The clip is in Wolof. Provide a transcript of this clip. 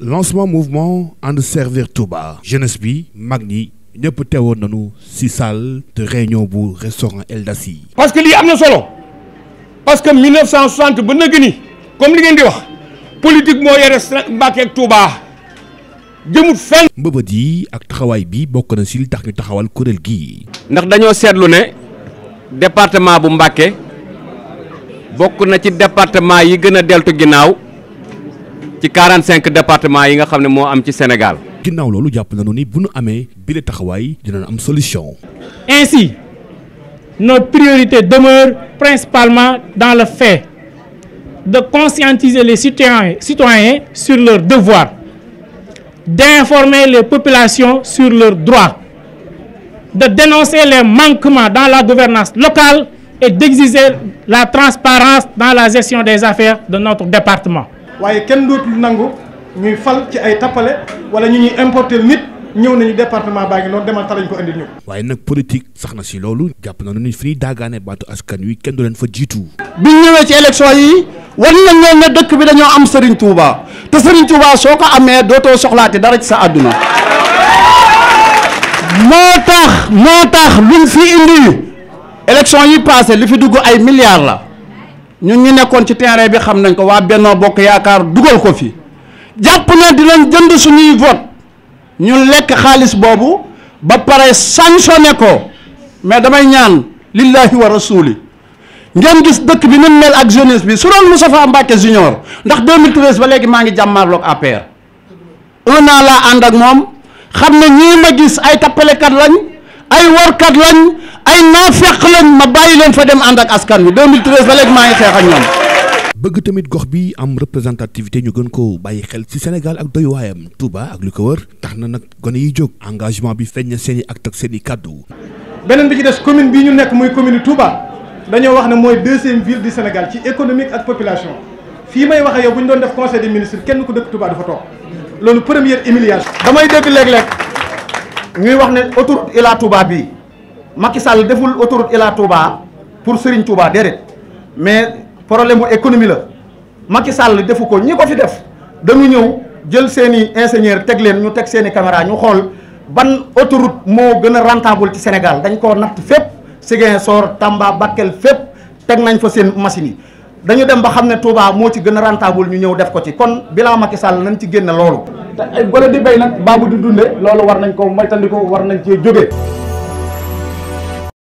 lancement mouvement ànd servir Touba jeunesse bi mag ñi ñëpp teewoon nañu ci salle de réunion bu restaurant Eldassi. parce que lii am na solo parce que 1960 ba nëgg ni comme li ngeen di wax politique moo yore Mbàkke ak Touba. jëmut fenn. mbëbët yi ak taxawaay bi bokk na si li tax ñu taxawal kuréel gii. ndax dañoo seetlu ne département bu Mbàkke bokk na ci département yi gën a deltu ginnaaw ci 45 départements yi nga xam ne moo am ci Sénégal. ginnaaw loolu jàpp nañu ni bu nu amee bile taxawaay dinañ am solution. ainsi notre priorité demeure principalement dans le fait de conscientiser les citoyens citoyens sur leurs devoirs d'informer les populations sur leurs droits de dénoncer les manquements dans la gouvernance locale et d'exiger la transparence dans la gestion des affaires de notre département. waaye kenn dootul nangu ñuy fal ci ay tappale wala ñu ñuy importer nit ñëw nañu département baa ngi noonu demal ta lañ ko indil ñu. waaye nag politique sax na si loolu. jàpp na ni fi ñuy daagaane baatu askan wi kenn du leen fa jiitu. biñ ñëwee ci élection yi war nañ leen ne dëkk bi dañoo am Serigne Touba te Serigne Touba soo ko amee dootoo soxlaate dara ci sa àdduna. moo tax moo tax luñ fi indi élection yi passé li fi dugg ay milliards la. ñun ngi nekkoon ci terrain bi xam nañ ko waa Bennoo Bokk Yaakaar dugal ko fi jàpp na leen jënd suñuy vote ñu lekk xaalis boobu ba pare sanctionné ko mais damay ñaan lillahi wa rasuli ngeen gis dëkk bi ni mel ak jeunesse bi su doon Moustapha Mbacké junior ndax 2013 ba léegi maa ngi jàmmaarloog APR un an laa ànd ak moom xam ne ñii ma gis ay tappalekat lañ ay warkat lañ ay naafeq lañ ma bàyyi leen fa dem ànd ak askan wi la ba léegi maa ngi xeex ak ñoom. bëgg tamit gox bi am représentativité ñu gën ko bàyyi xel ci Sénégal ak doy waayam Touba ak li ko wër tax na nag gone yi jóg engagement bi feeñ na seen i acte ak seen i kàddu. beneen bi ci des commune bii ñu nekk muy commune Touba dañoo wax ne mooy deuxième ville du Sénégal ci économique ak population fii may wax yow bu ñu doon def conseil des ministre kenn ku dëkk Touba dafa toog loolu première humiliation damay dégg léeg-léeg ñuy wax ne autoroute Ila Touba bii Macky Sall deful autoroute Ila Touba pour Serigne Touba déedéet mais problème mu économie la Macky Sall defu ko ñi ko fi def dañu ñëw jël seeni i teg leen ñu teg seen i caméra ñu xool ban autoroute moo gën a rentable ci Sénégal dañ ko natt fépp Ziguinchor Tamba Bakel fépp teg nañ fa seen machines yi dañu dem ba xam ne Touba moo ci gën a rentable ñu ñëw def ko ci kon bilan Macky Sall nañ ci génne loolu. te ay gone di béy nag baabu di dunde loolu war nañ ko moytandiku war nañ cee jóge.